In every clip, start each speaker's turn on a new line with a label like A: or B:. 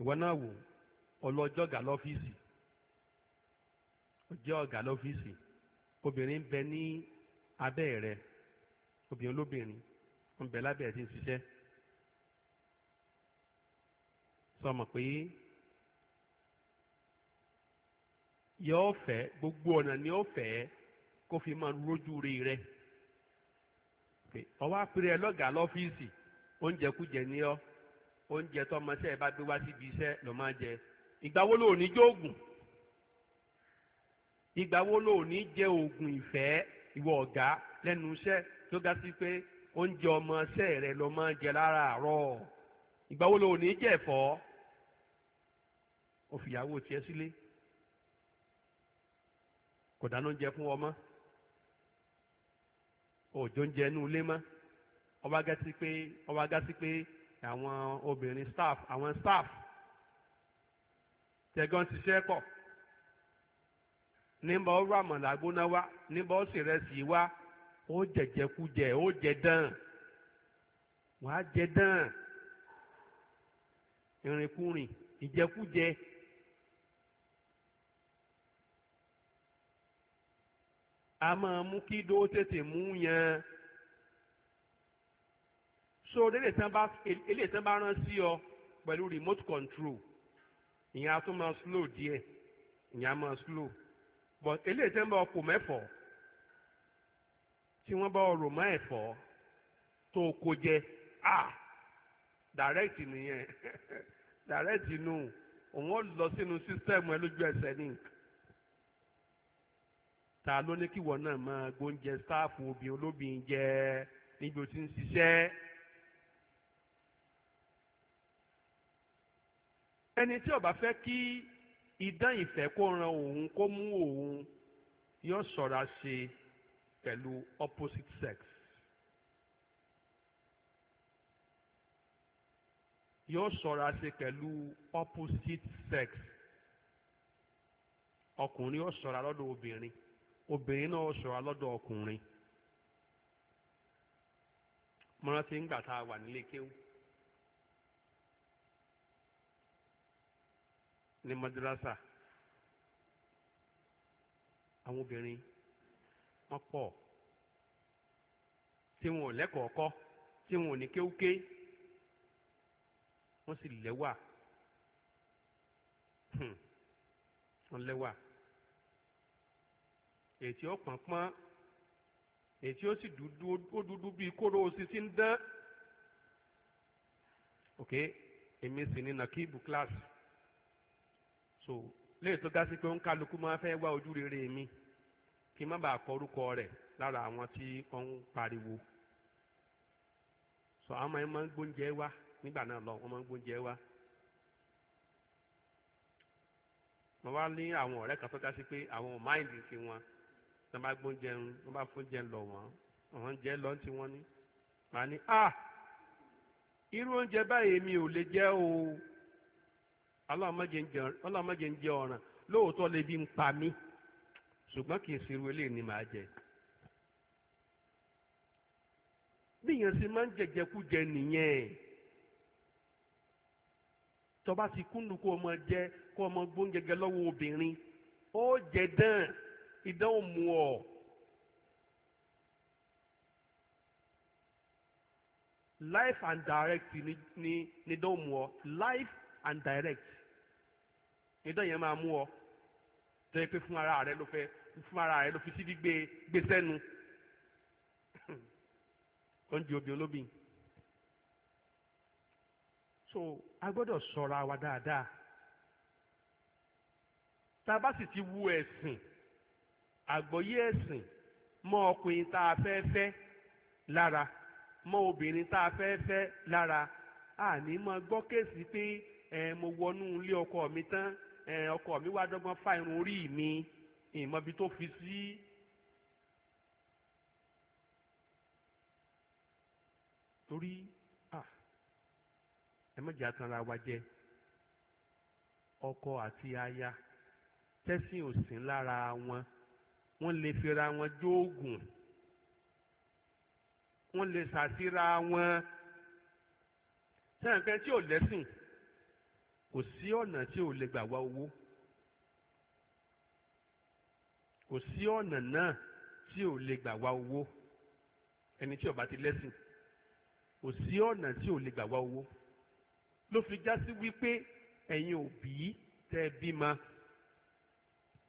A: ìwọ náà wò ọlọ́jọ́ ọ̀gá lọ́fíìsì ọjọ́ ọ̀gá lọ́fíìsì obìnrin bẹ ní rẹ obìnrin lóbìnrin ń bẹ ń sọmọ pé gbogbo ọ̀nà ni ó fẹ́ kó fi máa lójú rí rẹ ọwọ́ àpẹẹrẹ lọ́gàá lọ́fíìsì oúnjẹ kújẹ ni oúnjẹ tó ọmọọṣẹ́ ẹ bá gbé wá síbi iṣẹ́ ló máa jẹ ìgbà wo ló ní jóògùn ìgbà wo ló ní jẹ oògùn ìfẹ́ ìwọ ọ̀gá lẹ́nu iṣẹ́ tó ga sí pé oúnjẹ ọmọọṣẹ́ rẹ ló máa jẹ láràárọ̀ ìgbà wo ló ní jẹ ẹ̀fọ́ ó fìyàwó tiẹ̀ sílé kò dáná oúnjẹ fún ọmọ òjò oúnjẹ inú ilé mọ́ ọba gá sí pé ọba gá sí pé àwọn obìnrin staff àwọn staff tẹ̀gàn ti ṣẹ́ pọ̀ níbo ó rà mọ̀lá gbóná wá níbo ó sì rẹsì wá ó jẹ̀jẹ̀kújẹ̀ ó jẹ dán wàá jẹ dán ìrìnkúrìn ìjẹkújẹ. a máa mú kí dó tètè mú yan so eléyìí tán bá rán sí ọ pẹ̀lú remote control ìyẹn a tún máa slow díẹ̀ ìyẹn a máa slow but eléyìí tán bá ọkọ̀ mẹ́fọ̀ tí wọ́n bá ọrọ̀ mọ́ ẹ̀fọ́ tó kó jẹ A, direct nìyẹn direct nù òun ó lọ sínú system ẹ lójú ẹsẹ̀ ní ta ló ní kíwọ náà máa gbóúnjẹ sáàfù obìnrin olóbìnrin jẹ níbi ó ti ń ṣiṣẹ́. ẹni tí ó bá fẹ́ kí idán ìfẹ́ kó ran òun kó mú òun yóò ṣọ́ra ṣe opposite sex. yóò ṣọ́ra ṣe pẹ̀lú opposite sex ọkùnrin yóò ṣọ́ra lọ́dọ̀ obìnrin obìnrin náà ṣọ́ra lọ́dọ̀ ọkùnrin mo rántí ń gbà tá a wà nílé kéwù ní madrasa àwọn obìnrin wọ́n pọ̀ tí wọn ò lẹ́kọ̀ọ́ kọ́ tí wọn ò ní kéwúké wọ́n sì lẹ́wà hmm. wọ́n lẹ́wà ètí ó pọ̀npọ́n ètí ó sì dúdú ó dúdú bíi kóró osisi ń dán ok èmi sì ní nàkíbù kíláàsì so léyìí tó ga sí pé ó ń kálukú máa fẹ́ wá ojú rere mi kí n má bàa kọ orúkọ rẹ̀ lára àwọn tí wọ́n ń pariwo so àwọn ẹ̀ máa ń gbóúnjẹ wá nígbà náà lọ wọ́n máa ń gbóúnjẹ wá mo wá ní àwọn ọ̀rẹ́ kan tó ga sí pé àwọn ò máìlì sí wọn tó bá gbóúnjẹ ń tó bá fóúnjẹ ń lọ wọn àwọn ń jẹ lọ́n tí wọ́n ní màá ní ah irú oúnjẹ báyìí mi ò lè jẹ o ọlọ́mọdé ń jẹ ọ̀ràn lóòótọ́ lebi ń pa mí ṣùgbọ́n kì í ṣerú eléyìí ni màá jẹ. bíyàn ṣe máa ń jẹjẹkújẹ nìyẹn tọba ti kúndùn kó ọmọ jẹ kó ọmọ gbóúnjẹgẹ lọ́wọ́ obìnrin ó jẹ dán idán ò ọ. life and direct ni ni ni dán ò ọ life and direct ìdán yẹn máa mú ọ tó yẹ pé fún ara rẹ ló fẹ́ fún ara rẹ ló fi síbi gbé gbé sẹ́nu ó ń di obì olóbì so a gbọ́dọ̀ ṣọ́ra wa dáadáa tá a bá sì ti wu ẹ̀sìn àgbọ́yé ẹ̀sìn mọ́ ọkùnrin tá a fẹ́ fẹ́ lára mọ́ obìnrin tá a fẹ́ fẹ́ lára àní mọ́ gbọ́ kéèsì pé ẹ̀ mo wọnú ilé ọkọ mi tán ọkọ mi wá dọ́gbọ́n fá irun orí mi ìmọ̀bi tó fi sí. torí ẹ mọ̀jà tanra wa jẹ ọkọ àti aya tẹ́sìn òsín lára wọn wọ́n lè fira wọn jóògùn wọ́n lè sàṣíra wọn sẹ́yìn kan tí ò lẹ́sìn kò sí ọ̀nà tí ò lè gbà wá owó kò sí ọ̀nà náà tí ò lè gbà wá owó ẹni tí ó bá ti lẹ́sìn kò sí ọ̀nà tí ò lè gbà wá owó ló fi já sí wípé ẹ̀yin òbí tẹ́ ẹ bímọ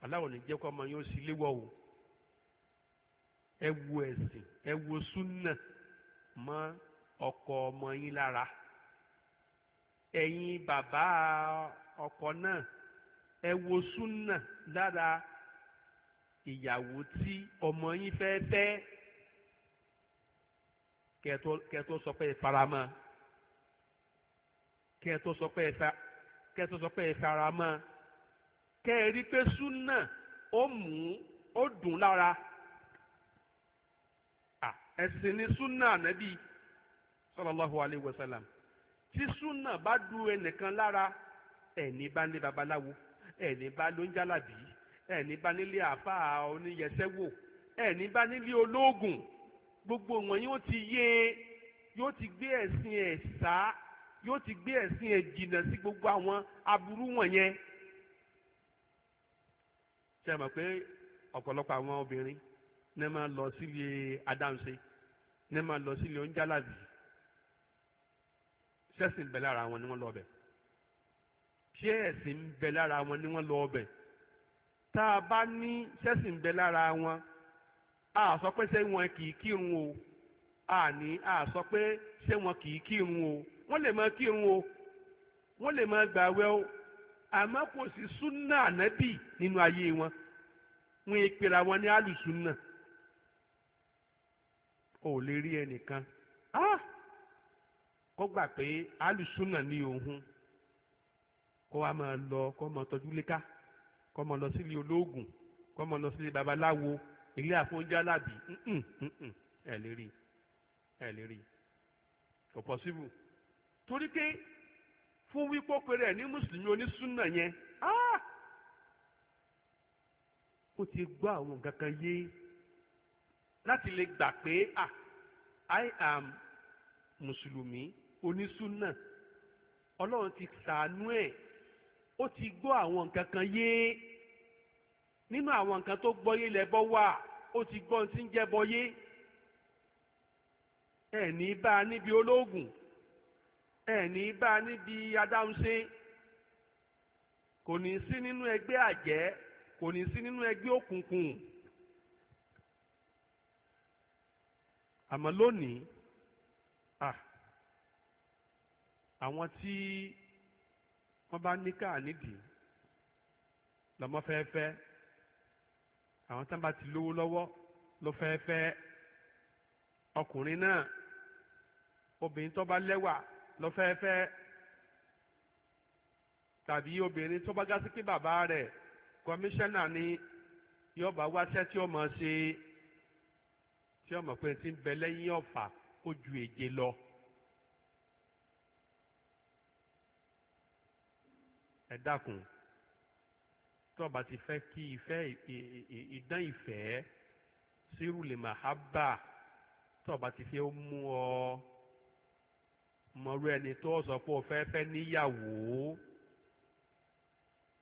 A: aláwọ̀ ní jẹ́ ọmọ yóò sì léwọ́ o ẹ wo ẹ̀sìn ẹ wo súnà mọ́ ọkọ ọmọ yín lára ẹ̀yin bàbá ọkọ náà ẹ wo súnà lára ìyàwó tí ọmọ yín fẹ́ fẹ́ kẹ́ẹ̀tó sọ pé ẹ faramọ́ kẹ́ẹ̀tó sọ pé ẹ fa kẹ́ẹ̀tó sọ pé súnà ó mú ó dùn lára ẹ̀sìn ní súnà ànábì sallallahu alayhi wa sallam tí súnà bá du ẹnìkan lára ẹni bá ní babaláwo ẹni bá ló ń jálàbí ẹni bá nílé àáfàá oníyẹsẹ́wò ẹni bá nílé olóògùn gbogbo wọn yóò ti yé yóò ti gbé ẹ̀sìn ẹ̀ sá yóò ti gbé ẹ̀sìn ẹ̀ jìnnà sí gbogbo àwọn aburú wọ̀nyẹn ṣe mọ̀ pé ọ̀pọ̀lọpọ̀ àwọn obìnrin ní máa lọ sílé adáhunṣe ní máa lọ sílé oúnjẹ alábì ṣẹ́sìn bẹ lára wọn ni wọ́n lọ bẹ̀ ṣé ẹ̀sìn bẹ lára wọn ni wọ́n lọ bẹ̀ tá a bá ní ṣẹ́sìn bẹ lára wọn a sọ pé ṣé wọn kì í kírun o a ní a sọ pé ṣé wọn kì í kírun o wọ́n lè máa kírun o wọ́n lè máa gbààwẹ̀ o àmọ́ kò sí súnà ànábì nínú ayé wọn wọn ìpèrà wọn ní alùsùnà ò lè rí ẹnìkan. Ah! kó gbà pé alùsùnà ní òun kó wá máa lọ kó máa tọ́jú léka kó máa lọ sílé olóògùn kó máa lọ sílé babaláwo ilé àfọ̀njálàbí ẹ̀ lè rí ẹ̀ lè rí kò pọ̀sibù torí pé fún wípé pẹ̀rẹ̀ ní mùsùlùmí onísùnà yẹn ah! ó ti gbọ́ àwọn nǹkan yé láti lè gbà pé ah, I am mùsùlùmí onísúnà ọlọ́run ti sàánú ẹ̀ ó ti gbọ́ àwọn nǹkan kan yé nínú àwọn nǹkan tó gbọ́ yé lẹ́bọ́ wà ó ti gbọ́ ohun tí ń jẹ́bọ yé ẹ̀ní bá a níbi olóògùn ẹ̀ní bá a níbi adáhunṣe kò ní sí nínú ẹgbẹ́ àjẹ́ kò ní sí nínú ẹgbẹ́ òkùnkùn àmọ́ lónìí àwọn tí wọ́n bá níkà nídìí lọ́mọ fẹ́ẹ́ fẹ́ àwọn tán bá ti lówó lọ́wọ́ ló fẹ́ẹ́ fẹ́ ọkùnrin náà obìnrin tó bá lẹ́wà ló fẹ́ẹ́ fẹ́ tàbí obìnrin tó bá gá sí pé bàbá rẹ̀ kọmíṣánná ni yóò bá wáṣẹ́ tí ó mọ̀ ṣe tí ó mọ̀ pé ti ń bẹ lẹ́yìn ọ̀fà ó ju èje lọ. ẹ dákun tó bá ti fẹ́ kí ìfẹ́ ìdán ìfẹ́ sírùlẹ̀ màhábà tó bá ti fẹ́ mú ọ mọ̀rú ẹni tó sọ pé o fẹ́ fẹ́ níyàwó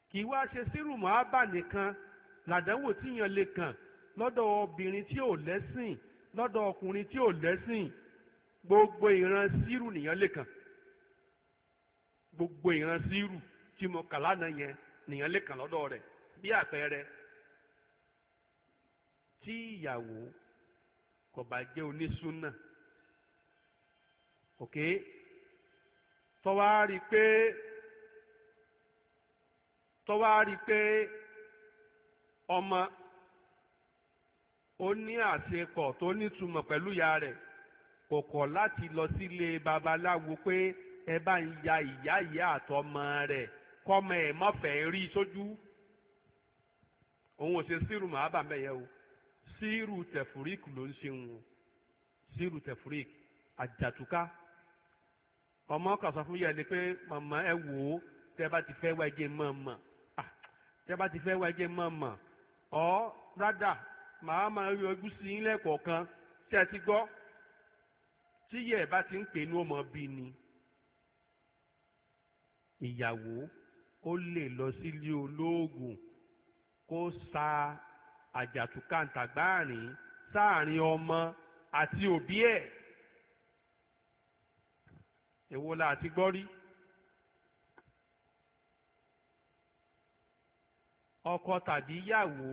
A: kì í wá ṣe sírù màhábà nìkan làdánwò tíyan lè kàn lọ́dọ̀ obìnrin tí ò lẹ́sìn lọ́dọ̀ ọkùnrin tí ò lẹ́sìn gbogbo ìran sírù nìyẹn lè kàn gbogbo ìran sírù. tí mo kà lánàá yẹn nìyẹn lè kàn lọ́dọ̀ rẹ̀ bí àpẹẹrẹ tí ìyàwó kò bá jẹ́ onísúnà ok tọ́wá rí pé tọ́wá rí pé ọmọ ó ní àṣepọ̀ tó nítumọ̀ pẹ̀lú ìyá rẹ̀ kò kọ̀ láti lọ sílé babaláwo pé ẹ bá ń ya ìyá ìyá àtọmọ rẹ̀. kọ́mọ ẹ̀ mọ́fẹ́ rí sójú òun ò ṣe sírù màábà mẹ́yẹ o sírù tẹ̀fúríkì ló ń ṣe ń o sírù tẹ̀fúríkì àjàtúká ọmọ kan sọ fún yẹ ni pé màmá ẹ wò ó tẹ bá ti fẹ́ wá ẹjẹ mọ̀ mọ̀ ah, tẹ bá ti fẹ́ wá ẹjẹ mọ̀ mọ̀ ọ́ rádà màá máa yọ egúsí yín lẹ́ẹ̀kọ̀ọ̀kan tí ẹ ti gbọ́ tí bá ti ń pè ní ọmọ bí ni ìyàwó ó lè lọ sílé olóògùn kó sa àjàtúkàǹtàgbáàrin sáàrin ọmọ àti òbí ẹ̀ èwo la ti gbọ́ rí. ọkọ tàbí ìyàwó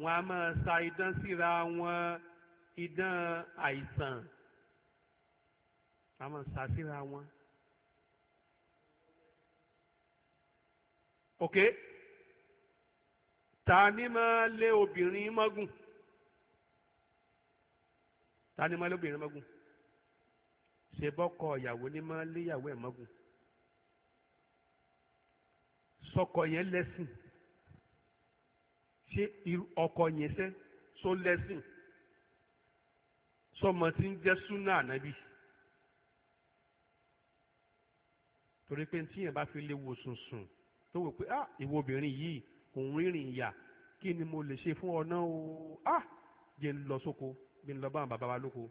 A: wọn a máa sa idán síra wọn idán àìsàn a máa sa síra wọn. ok ta ni máa lé obìnrin mọ́gùn ta ni máa lé obìnrin mọ́gùn ṣe bọ́kọ ìyàwó ni máa lé ìyàwó ẹ̀ mọ́gùn sọkọ yẹn lẹ́sìn ṣé ọkọ yẹn sẹ́ sọ lẹ́sìn sọmọ tí ń jẹ́ súnà ànábì torí pé tí yẹn bá fi léwu sùnsùn tó wò pé ah ìwọ obìnrin yìí òun rìnrìn ìyà kí ni mo lè ṣe fún ọ náà o ah jẹ́ ń lọ sóko bí ń lọ bá àwọn bàbá wa lóko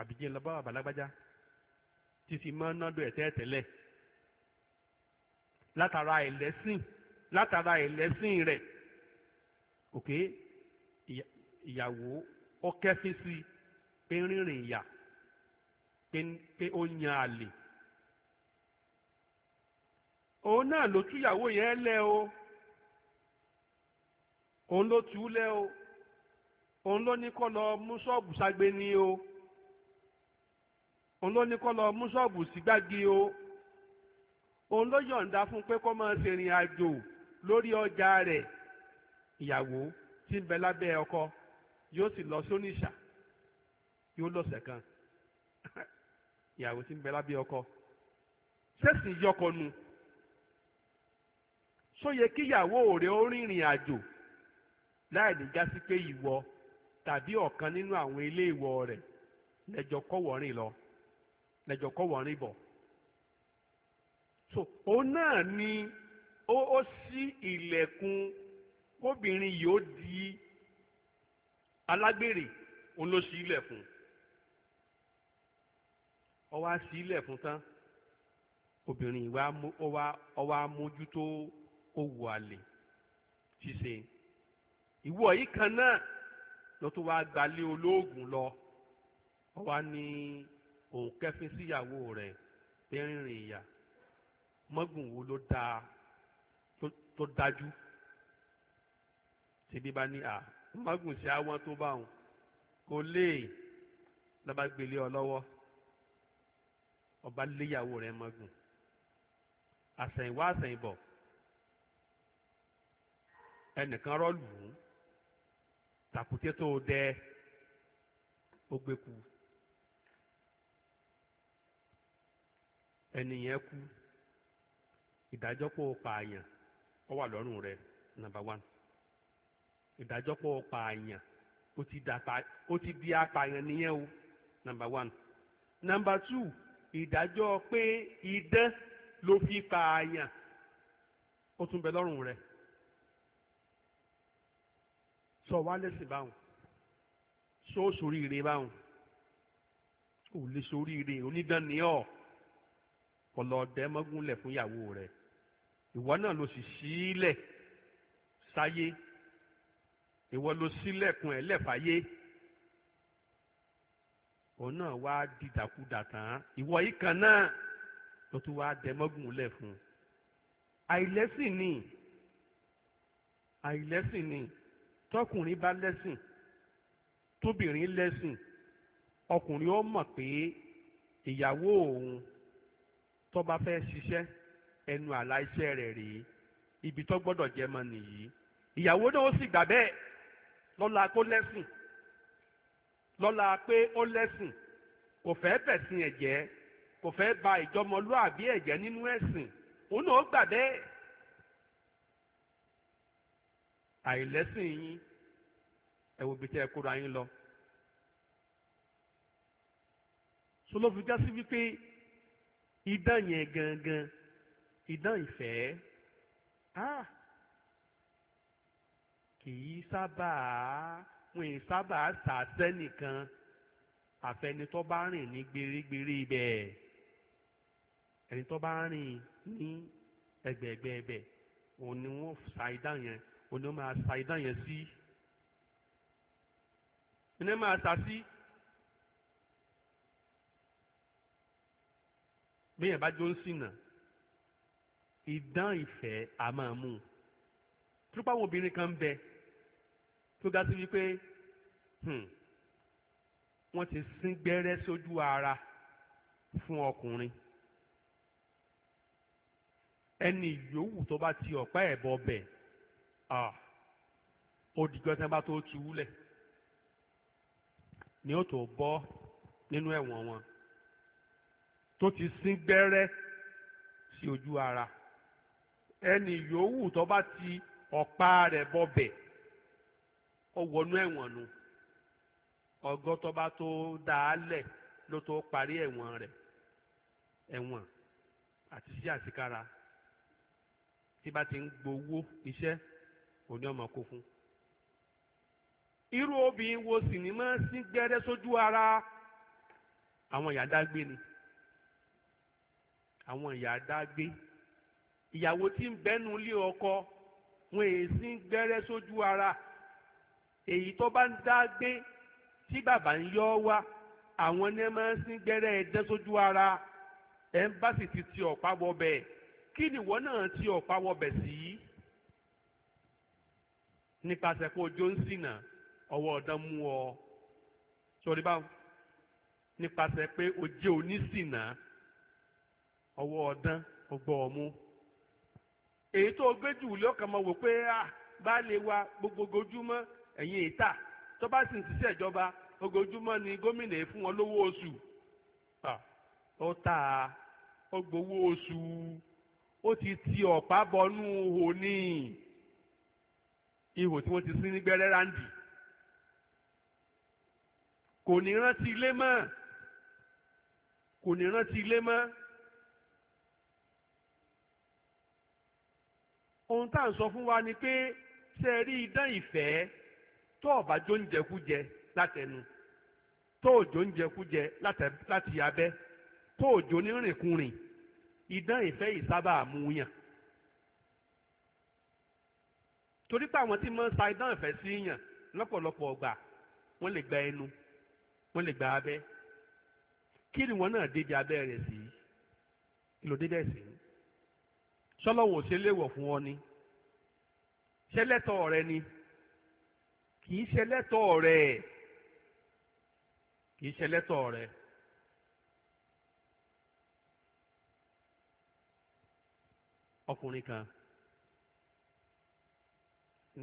A: àbí jẹ́ ń lọ bá àwọn àbálágbájá títí máa ń nádò ẹ̀tẹ́ tẹ́lẹ̀ látara ẹ̀lẹ́sìn látara ẹ̀lẹ́sìn rẹ̀ òkè ìyàwó ọkẹ́fín sí pé rìnrìn ìyà pé ó yan àlè òun náà ló túyàwó yẹn lẹ o òun ló tú lẹ o òun ló ní kó lọ mú ṣọ́ọ̀bù ságbe ni o òun ló ní kó lọ mú ṣọ́ọ̀bù sígbági o òun ló yọ̀ǹda fún pé kó máa ṣe ìrìn àjò lórí ọjà rẹ̀ ìyàwó tí ń bẹ lábẹ́ ọkọ yóò sì lọ sóníṣà yóò lọ́sẹ̀ kan ìyàwó tí ń bẹ lábẹ́ ọkọ ṣẹ́sìn yọkọ nu. ṣó yẹ kíyàwó rẹ ó àjò láì ní já sí pé ìwọ tàbí ọ̀kan nínú àwọn ilé ìwọ rẹ lẹ́jọ́ kọ́wọ́rìn lọ lẹ́jọ́ kọ́wọ́rìn bọ̀ so òun ni ó ó ṣí ilẹ̀kùn kóbìnrin yìí ó di alágbèrè òun ló ṣí ilẹ̀kùn ó wá ṣí ilẹ̀kùn tán obìnrin ìwà ó wá mójútó. owó àlè ṣíṣe ìwọ yìí kan náà ló tún wá gbalé olóògùn lọ ó wá ní òun kẹfín síyàwó rẹ̀ pé rìnrìn ìyà mọ́gùn wo ló dáa tó dájú tìbí bá ní à mọ́gùn sí àwọn tó bá òun kò léè lọ́ba gbélé ọ lọ́wọ́ ọba léyàwó rẹ̀ mọ́gùn àsẹ̀yìnwá àsẹ̀yìnbọ̀ ẹnìkan rọ́ọ̀lù ún tàkùté tó dẹ ó gbé ku ẹnìyẹn kú ìdájọ́ pọ̀ pààyàn ó wà lọ́rùn rẹ̀ ìdájọ́ pọ̀ pààyàn ó ti dàpá ó ti di apààyàn nìyẹn o two ìdájọ́ pé idán ló fi pààyàn ó tún bẹ lọ́rùn rẹ sọ wá lẹ́sìn báwọn sọ sóríire báwọn ò lè sóríire onídán ni ọ ọlọ́ọ̀dẹ mọ́gúnlẹ̀ fún ìyàwó rẹ̀ ìwọ náà ló sì sílẹ̀ sáyé ìwọ ló sílẹ̀kùn ẹ̀ lẹ́fàáyé òun náà wá dìdàkudà tán ìwọ yìí kan náà ló tún wá dẹ mọ́gúnlẹ̀ fún àìlẹ́sìn ni àìlẹ́sìn ni tọkùnrin bá lẹ́sìn tóbìnrin lẹ́sìn ọkùnrin ó mọ̀ pé ìyàwó òun tó bá fẹ́ ṣiṣẹ́ ẹnu àlà iṣẹ́ rẹ̀ rèé ibi tó gbọ́dọ̀ jẹ́ mọ́ nìyí ìyàwó náà ó sì gbà bẹ́ẹ̀ lọ́la kó lẹ́sìn lọ́la pé ó lẹ́sìn kò fẹ́ bẹ̀sìn ẹ̀jẹ̀ kò fẹ́ ba ìjọmọlúàbí ẹ̀jẹ̀ nínú ẹ̀sìn òun náà ó gbà bẹ́ẹ̀ àìlẹ́sìn yín ẹ wo ibi tẹ́ ẹ kóra yín lọ. sọlọ́fi já sí wípé idán yẹn gangan idán ìfẹ́ ah, kì í sábà wọn ì sábà sàṣẹ́ nìkan àfẹnitọ́ bá rìn ní gbérígbérí ibẹ̀ ẹni tó bá rìn ní ẹgbẹ̀ẹ̀gbẹ̀ ibẹ̀ òun ni wọ́n sa idán yẹn òní ó máa sa idán yẹn sí iná máa sa sí bẹ́ẹ̀ bá jó ń sìnà idán ìfẹ́ a máa mú un tírúpà àwọn obìnrin kan ń bẹ tó ga sí wípé hmm, wọ́n ti sín gbẹ́rẹ́ sójú ara fún ọkùnrin ẹni yòówù tó bá ti ọ̀pá ẹ̀bọ bẹ̀ odìjọ́ ah. tí wọ́n bá tó tu wúlẹ̀ ni ó tó bọ́ nínú ẹ̀wọ̀n wọn tó ti sín gbẹ́rẹ́ sí ojú ara ẹni yòówù tó bá ti ọ̀pá rẹ̀ bọ̀bẹ̀ ó wọnú ẹ̀wọ̀n nu ọgọ́ tó bá tó dá a lẹ̀ ló tó parí ẹ̀wọ̀n rẹ̀ ẹ̀wọ̀n àti sí àsìkára tí bá ti ń gbowó iṣẹ́ òní ọmọ kó fún. irú obìnrin wo sì ní máa ń sín gbẹ́rẹ́ sójú ara àwọn ìyá dágbé ni àwọn ìyá dágbé ìyàwó tí ń bẹ́nu ilé ọkọ wọn èyí sín gbẹ́rẹ́ sójú ara èyí tó bá ń dágbé tí bàbá ń yọ wá àwọn ní máa ń sín gbẹ́rẹ́ ẹ̀dẹ́ sójú ara ẹ̀ ń bá sì ti ti ọ̀pá wọbẹ̀ kí nìwọ náà ti ọ̀pá wọbẹ̀ sí i. nípasẹ̀ kó ojó ń ṣìnà ọwọ́ ọ̀dán mú ọ sórí báwọn nípasẹ̀ pé o jẹ́ ọwọ́ ọ̀dán ọgbọ́ ọmú èyí tó gbé jù lọ́kàn mọ́ wò pé à bá lè wa gbogbo ojúmọ́ ẹ̀yìn ìta tó bá sì ń ṣiṣẹ́ ìjọba ojoojúmọ́ ni gómìnà fún wọn lówó oṣù ó ta oṣù ó ihò tí wọ́n ti sin ní gbẹ́rẹ́ ráńdì kò ní rántí ilé mọ́ kò ní rántí ilé mọ́ ohun tá à ń sọ fún wa ni pé ṣe rí idán ìfẹ́ tó ọ̀bà jó ń jẹkújẹ látẹnu tó òjò ń jẹkújẹ láti abẹ́ tó òjò ní rìnkúrìn idán ìfẹ́ yìí sábà mú yàn. torí pé àwọn tí máa ń sa idán ìfẹ́ sí yàn lọ́pọ̀lọpọ̀ ọgbà wọ́n lè gba ẹnu wọ́n lè gba abẹ́ kí ni wọ́n náà débi abẹ́ rẹ̀ sí kí ló débẹ̀ sí sọlọ́wọ́ ò ṣe léwọ̀ fún wọn ni ṣẹlẹ́tọ̀ rẹ ni kì í ṣẹlẹ́tọ̀ rẹ kì í ṣẹlẹ́tọ̀ rẹ. ọkùnrin kan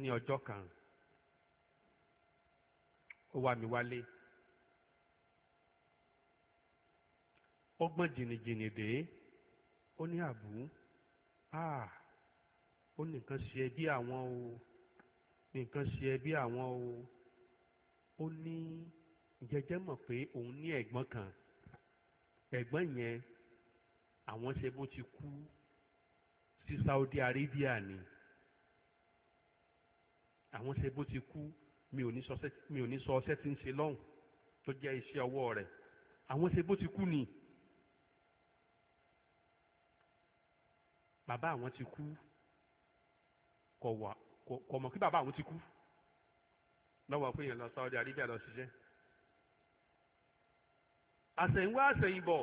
A: ní ọjọ́ kan ó wá mi wálé ó gbọ́n jìnnìjìnnì dé ó ní àbú ah ó ní nǹkan ṣe bí àwọn o nǹkan ṣe bí àwọn o ó ní jẹjẹ mọ̀ pé òun ní ẹ̀gbọ́n kan ẹ̀gbọ́n yẹn àwọn ṣe bó ti kú sí Saudi Arabia ni àwọn ṣe bó ti kú mi ò ní sọ ọṣẹ́ tí ń ṣe lọ́hùn tó jẹ́ iṣẹ́ ọwọ́ rẹ̀ àwọn ṣe bó ti kú ni bàbá àwọn ti kú kọ̀ wà kọ̀ mọ̀ kí bàbá àwọn ti kú lọ́wọ́ pé èèyàn lọ Saudi Arabia lọ ṣiṣẹ́ àṣẹ̀yìnwá àṣẹ̀yìnbọ̀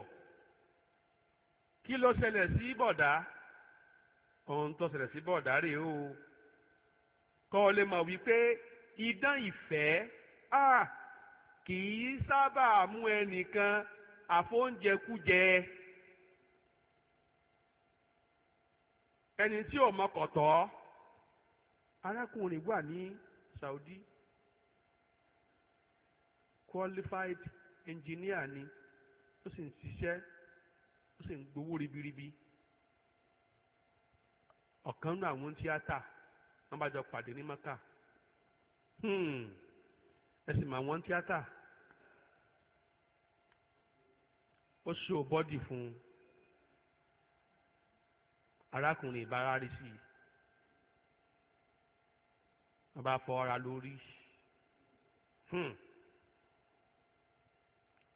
A: kí ló ṣẹlẹ̀ sí bọ̀dá ohun tó ṣẹlẹ̀ sí bọ̀dá rèé o kọ́ ọ lè mọ̀ wípé idán ìfẹ́ kì í sábà mú ẹnìkan àfóúnjẹkújẹ ẹni tí ò mọkọ̀tọ́ arákùnrin wà ní Saudi qualified engineer ni ó sì ń ṣiṣẹ́ ó sì ń gbowó ribiribi ọ̀kan nínú àwọn tíátà wọ́n bá jọ pàdé ní maka hmm. ẹ sì mà wọ́n tíátà ó ṣó bọ́dì fún un arákùnrin ìbára rí sí i wọ́n bá fọ ara lórí hmm.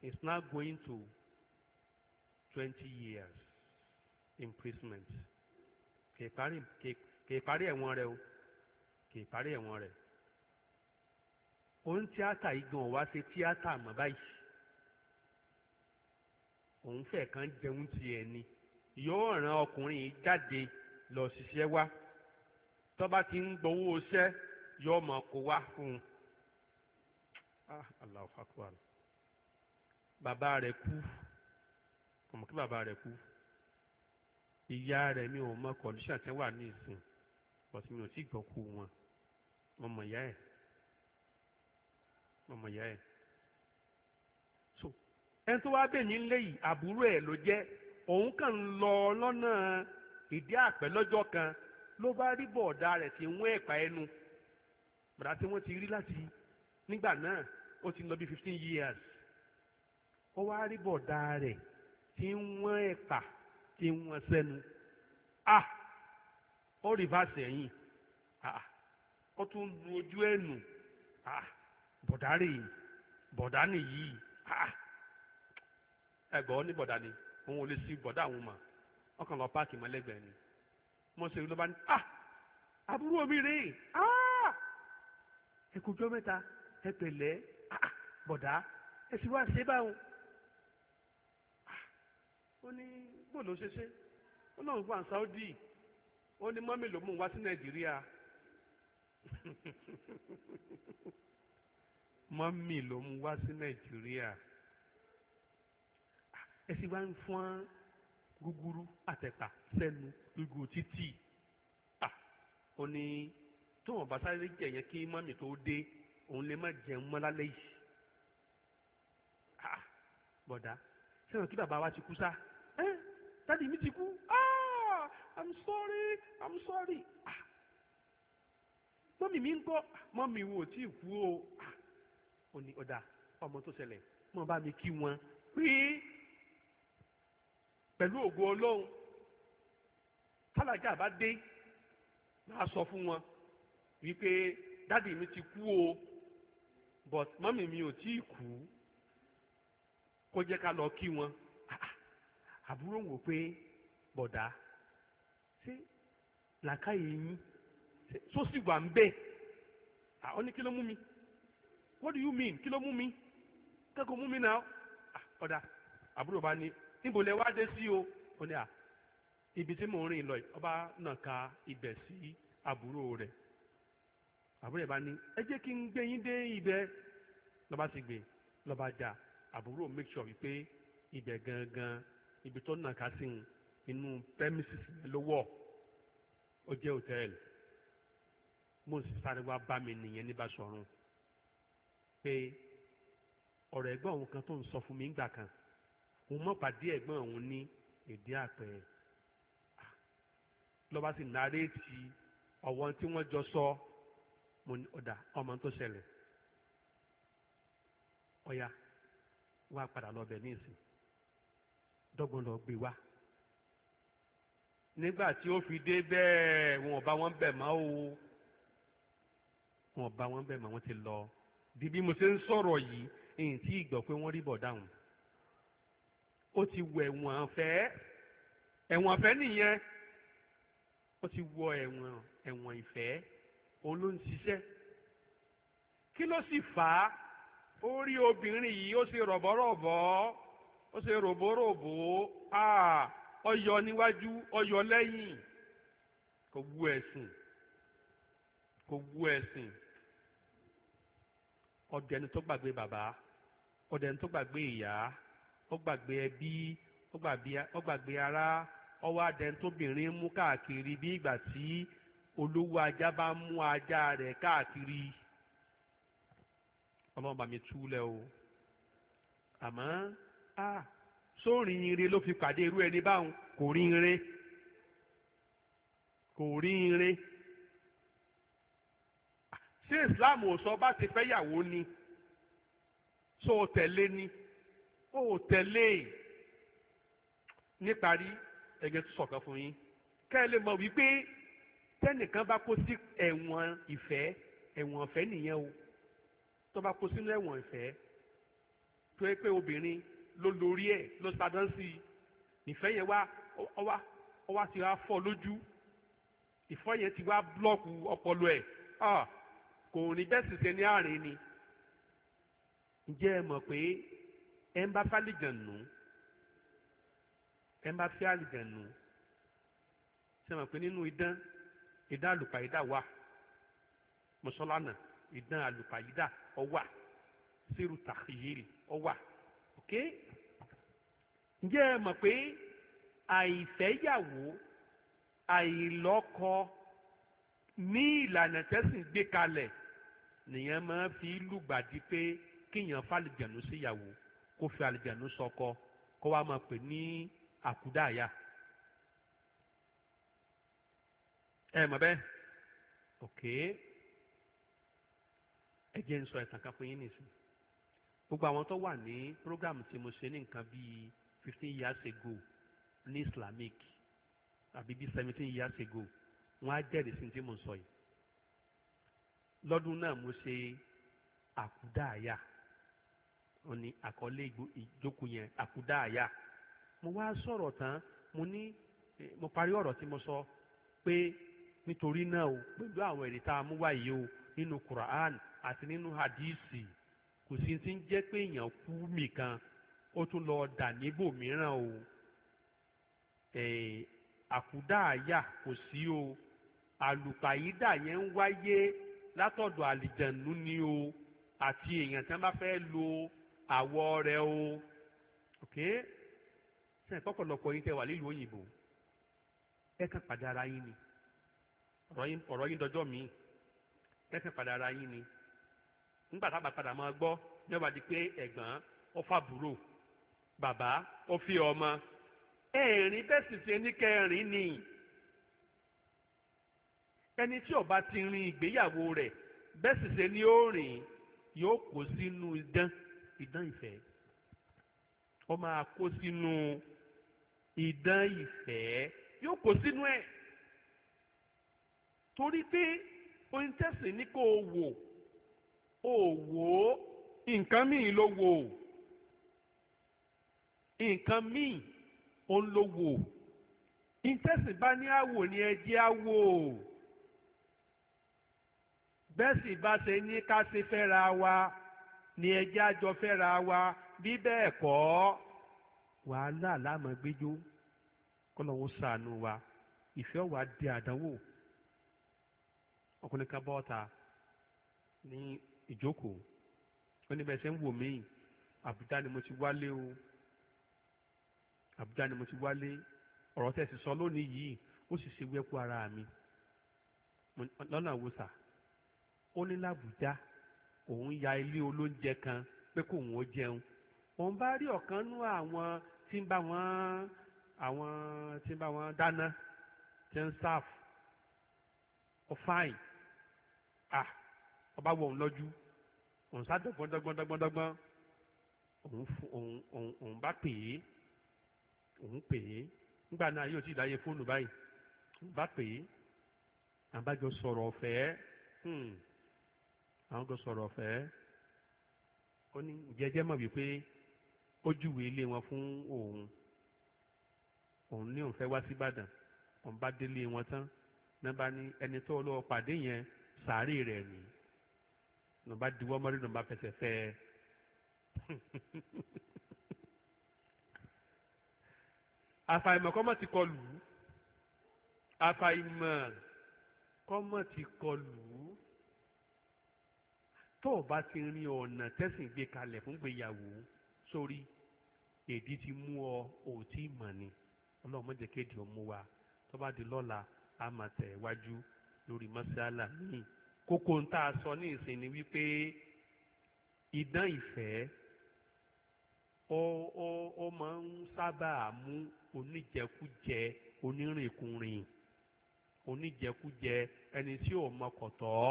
A: it's not going to twenty years imprisonment kì í parí ẹ̀wọ̀n rẹ̀ o kì í parí ẹ̀wọ̀n rẹ̀ òun tíátà yìí gan wá ṣe tíátà mọ́ báyìí òun fẹ́ kan jẹun ti ni yóò ràn ọkùnrin yìí jáde lọ ṣiṣẹ́ wá tó bá ti ń gbowó iṣẹ́ yóò mọ̀ kó wá fún un ah Allahu Akbar bàbá rẹ̀ kú ọmọ kí bàbá rẹ̀ kú ìyá rẹ̀ mi ò mọ kọ̀ọ̀lùṣà tẹ́ wà ní ìsìn bọ̀tí mi ò sì gbọ́ kú wọn mọ̀mọ̀ ìyá ẹ̀ mọ̀mọ̀ so ẹni tó wá bẹ̀ ní ilé yìí àbúrò ẹ̀ ló jẹ́ òun kàn ń lọ lọ́nà ìdí àpẹ́ lọ́jọ́ kan ló bá rí bọ̀ọ̀dá rẹ̀ tí wọ́n ẹ̀pà ẹnu bàdá tí wọ́n ti rí láti nígbà náà ó ti lọ bí fifteen years ó wá rí bọ̀ọ̀dá rẹ̀ tí wọ́n ẹ̀pà tí wọ́n sẹ́nu ah ó rìvásì ẹ̀yìn ah, ah ó tún lu ojú ẹ̀ ah, nù bọ̀dá nìyí ah. ẹ̀gbọ́n ní bọ̀dá ni òun ò lè sí bọ̀dá àwọn mà ọkàn lọ páàkì mọ́lẹ́gbẹ̀ẹ́ ni wọ́n ṣe ló bá ní ah, àbúrò mi rè é ẹ̀kọ́jọ́ mẹ́ta ẹ pẹ̀lẹ́ bọ̀dá ẹ sì wá ṣe báwọn ó ní bó ló ṣe ó náà ń gbọ́ àǹsáódì ó ní mọ́mì ló mú wá sí nàìjíríà mọ́mì ló mú wá sí nàìjíríà ẹ sì wá ń fún gúgúrú àtẹ̀pà sẹ́nu gbogbo títì ó ní tó wọn bá sáré jẹ̀yẹn kí mọ́mì tó dé òun lè má jẹun mọ́ lálẹ́ yìí bọ̀dá sẹ́wọ̀n kí bàbá wa ti kú sá ẹ́ dádì mi ti kú ah i'm sorry i'm sorry ah mọ́mì mi ń kọ́ mọ́mì wo tí ì kú o ò ní ọ̀dà ọmọ tó ṣẹlẹ̀ mọ́ bá mi kí wọn pé pẹ̀lú ògo ọlọ́run tálájà bá dé máa sọ fún wọn wípé dádì mi ti kú o but mọ́mì mi ò tí ì kú kó jẹ́ ká lọ kí wọn àbúrò wò pé bọ̀dá ṣé làákàyè yín so si wà ń bẹ àwọn ní kí what do you mean kí ló mú mi kẹ́kọ̀ọ́ mú mi náà ọ̀dà àbúrò bá ní níbo lẹ wá dé sí o ó ní à ibi tí mò ń rìn lọ ọba náà ka ibẹ̀ sí àbúrò rẹ̀ àbúrò ẹ̀ bá ní ẹ n gbé yín dé ibẹ̀ lọ́ba ti gbé lọ́ba jà àbúrò make sure wípé ibẹ̀ gangan ibi tó nàka sí inú premises lówọ́ ó jẹ́ hòtẹ́ẹ̀lì mo sì sáré wá bá mi nìyẹn ní Báṣọ̀run pé ọ̀rọ̀ ẹ̀gbọ́n òun kan tó ń sọ fún mi ńgbà kan òun mọ̀ pàdé ẹ̀gbọ́n òun ní èdè àpẹ lọ́ba sì nàréètì ọ̀wọ́ tí wọ́n jọ sọ mo ní ọ̀dà ọmọ tó ṣẹlẹ̀ ọ̀ya wá padà lọ ní ìsìn dọ́gbọ́n lọ gbé wá nígbà tí ó fi dé bẹ́ẹ̀ wọn ò bá wọn bẹ̀ mọ́ o wọn bá wọn bẹ́ẹ̀ mọ́ wọn ti lọ di bí mo ṣe ń sọ̀rọ̀ yìí èyí tí ìgbọ̀ pé wọ́n rí bọ̀ dáhùn ó ti wọ ẹ̀wọ̀n àfẹ́ ẹ̀wọ̀n àfẹ́ nìyẹn ó ti wọ ẹ̀wọ̀n ẹ̀wọ̀n ìfẹ́ òun ló ń ṣiṣẹ́ kí ló sì fà á ó rí obìnrin yìí ó ṣe rọ̀bọ̀rọ̀bọ̀ ó ṣe ròbóròbó ọyọ níwájú ọyọ lẹ́yìn kò wu ẹ̀sìn kò wu ẹ̀sìn Ọdịni ẹni tó gbàgbé bàbá ọdẹ ẹni tó gbàgbé ìyá ó gbàgbé ẹbí ó gbàgbé ará ọwọ́ adẹni tóbìnrin mú káàkiri bí ìgbà tí olówó ajá bá mú ajá rẹ káàkiri ọlọ́run bá mi o àmọ́ a sórin ire ló fi pàdé irú ẹni báwọn kò tí islam ò sọ bá ti fẹ́ yàwó ni so ò tẹ̀lé ni ó ò tẹ̀lé e. níparí ẹ̀gẹ́ tó sọ̀kan fún yín kẹ́ ẹ lè mọ̀ wípé tẹ́nìkan bá kó sí ẹ̀wọ̀n ìfẹ́ ẹ̀wọ̀n ìfẹ́ nìyẹn o tó bá kó sínú ẹ̀wọ̀n ìfẹ́ tó yẹ pé obìnrin ló lórí ẹ̀ ló sadán sí i nífẹ̀ẹ́ yẹn wá ọwá ọwá ti wá fọ́ lójú ìfọ́ yẹn ti wá búlọ́ọ̀kù ọpọlọ ẹ̀ ah kò ní bẹ́ẹ̀ sì ṣe ní àárín ni ǹjẹ́ ẹ mọ̀ pé ẹ ń bá fálìjànù ẹ ń bá fẹ́ àlìjànù ṣe mọ̀ pé nínú idán idán àlùpàyídà wà mọ̀ṣọ́lánà idán àlùpàyídà ó wà sírù tàkìyèrè ó wà ok ǹjẹ́ ẹ mọ̀ pé àìfẹ́yàwó àìlọ́kọ ní ìlànà tẹ́sìn gbé kalẹ̀ nìyẹn máa fi lùgbàdì pé kíyàn fàlìjànú síyàwó kó fi àlìjànú sọkọ kó wá máa pè ní àkúdàáyà. ẹ mọ̀ bẹ́ẹ̀ ok ẹ jẹ́ ń sọ ìtàn kan fún yín nìsín gbogbo àwọn tó wà ní programu tí mo ṣe ní nǹkan bíi fifteen years ago ní islamic àbí bíi seventeen years ago wọ́n á jẹ́rìí tí mò ń sọ yìí lọ́dún náà mo ṣe àkúdàáyà wọ́n ni àkọlé ìjókòó yẹn mo wá sọ̀rọ̀ tán mo ní eh, mo parí ọ̀rọ̀ tí mo sọ pé nítorí náà o pẹ̀lú àwọn èrè tá a mú o nínú Quran àti nínú hadisi kò sí ti ń jẹ́ pé èèyàn kú ó tún lọ dà eh, kò o. àlùpàyídà yẹn ń wáyé látọ̀dọ̀ àlìjẹ̀nù ni o àti èèyàn tí wọ́n bá fẹ́ lo àwọ̀ rẹ̀ o ok sẹ́yìn pọ́pọ̀lọpọ̀ yín tẹ́ wà nílùú òyìnbó ẹ kàn padà ara yín ni ọ̀rọ̀ yín dọjọ́ mi ẹ kàn padà ara yín ni nígbà tábà padà máa gbọ́ níwájú di pé ẹ̀gbọ́n ọ̀fàbúrò bàbá ó fi ọmọ ẹ̀rín bẹ́ẹ̀ sì ṣe ní kẹrin ni ẹni tí ó bá ti rin ìgbéyàwó rẹ̀ bẹ́ẹ̀ sì ṣe ni ó rìn yóò kó sínú idán idán ìfẹ́ ó máa kó sínú idán ìfẹ́ yóò kó sínú ẹ̀ torí pé oyin tẹ̀sìn ní kò wò ó wò ó nǹkan míì ló wò ó nǹkan míì ó ń lò wò ó ìtẹ̀sìn bá ní àwò ni ẹ jẹ́ àwò ó bẹ́sìn bá ṣe ní ká ṣe fẹ́ra wa ni ẹjẹ́ àjọ fẹ́ra wa bí bẹ́ẹ̀ kọ́ wàhálà láàmú gbẹjọ́ kọ́lọ́hún ṣàánú wa ìfẹ́ wa di àdánwò ọkùnrin kan bọ́ ta ní ìjókòó ó ní bẹ́ẹ̀ ṣe ń wò mí àbújá ni mo ti wálé o àbújá ni mo ti wálé ọ̀rọ̀ tẹ̀sí sọ lónìí yìí ó sì ṣe wẹ́kú ara mi lọ́nà wo sà ó ní làbújá òun ya ilé olóúnjẹ kan pé kò wọ́n jẹun òun bá rí ọ̀kan nú àwọn tí ń bá wọn àwọn tí ń bá wọn dáná tí ń sáfù ọ fáìn à ọba wọ òun lọ́jú òun sá dọ́gbọ́n dọ́gbọ́n dọ́gbọ́n dọ́gbọ́n òun òun òun òun bá pè é òun pè é nígbà náà yóò ti dáyé fóònù báyìí òun bá pè é àbájọ sọ̀rọ̀ ọ̀fẹ́ hmm àwọn kan sọ̀rọ̀ ọ̀fẹ́ ó ní jẹ́jẹ́ mọ̀ wípé ó júwe ilé wọn fún òun òun ní òun fẹ́ wá sí Ìbàdàn òun bá délé wọn tán náà bá ní ẹni tó lọ́wọ́ pàdé yẹn sàárè rẹ̀ nì ló bá diwọ́ mọ́rí ló bá fẹsẹ̀ fẹ́ ẹ. àfàìmọ̀ kọ́mọ̀ ti kọlù àfàìmọ̀ kọ́mọ̀ ti kọlù tó o bá ti rin ọ̀nà tẹ́sìn gbé kalẹ̀ fún gbéyàwó sórí èdè ti mú ọ ò tí mọ̀ ni ọlọ́run mọ̀ jẹ́ kéde ọmú wa tó bá di lọ́la a máa tẹ̀ wájú lórí mọ́sálà míì kókó ń tá a sọ ní ìsìn ni wípé idán ìfẹ́ ó ó ó máa ń sábà mú oníjẹkújẹ onírìnkùnrin oníjẹkújẹ ẹni tí ò mọkọ̀tọ́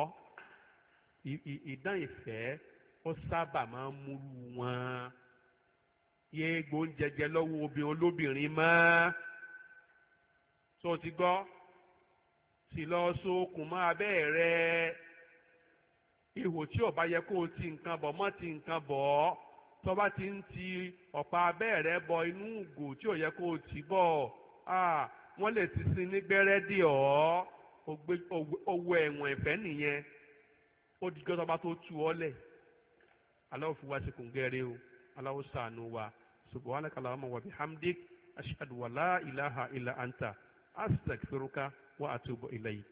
A: ìdán ìfẹ́ ó sábà máa ń múlù wọn yé gbóúnjẹjẹ lọ́wọ́ obìnrin olóbìnrin mọ́ tó ti gbọ́ sì lọ sókun mọ́ abẹ́ rẹ ihò tí ò bá yẹ kó o ti nǹkan bọ̀ mọ́ ti nǹkan bọ̀ ọ́ tó bá ti ń ti ọ̀pá abẹ́ rẹ bọ inú ìgò tí ò yẹ kó o ti bọ̀ wọ́n lè ti sin ní gbẹ́rẹ́ dì ọ́ owó ẹ̀wọ̀n ìfẹ́ nìyẹn ó di gbọ́dọ̀ bá tó tu ọ́ lẹ̀ aláwọ̀ fi wá sí kùngẹ́rẹ́ o aláwọ̀ sànù wa subhanaka allahumma wa bihamdik ashhadu wa la ilaha anta astaghfiruka wa atubu ilayk.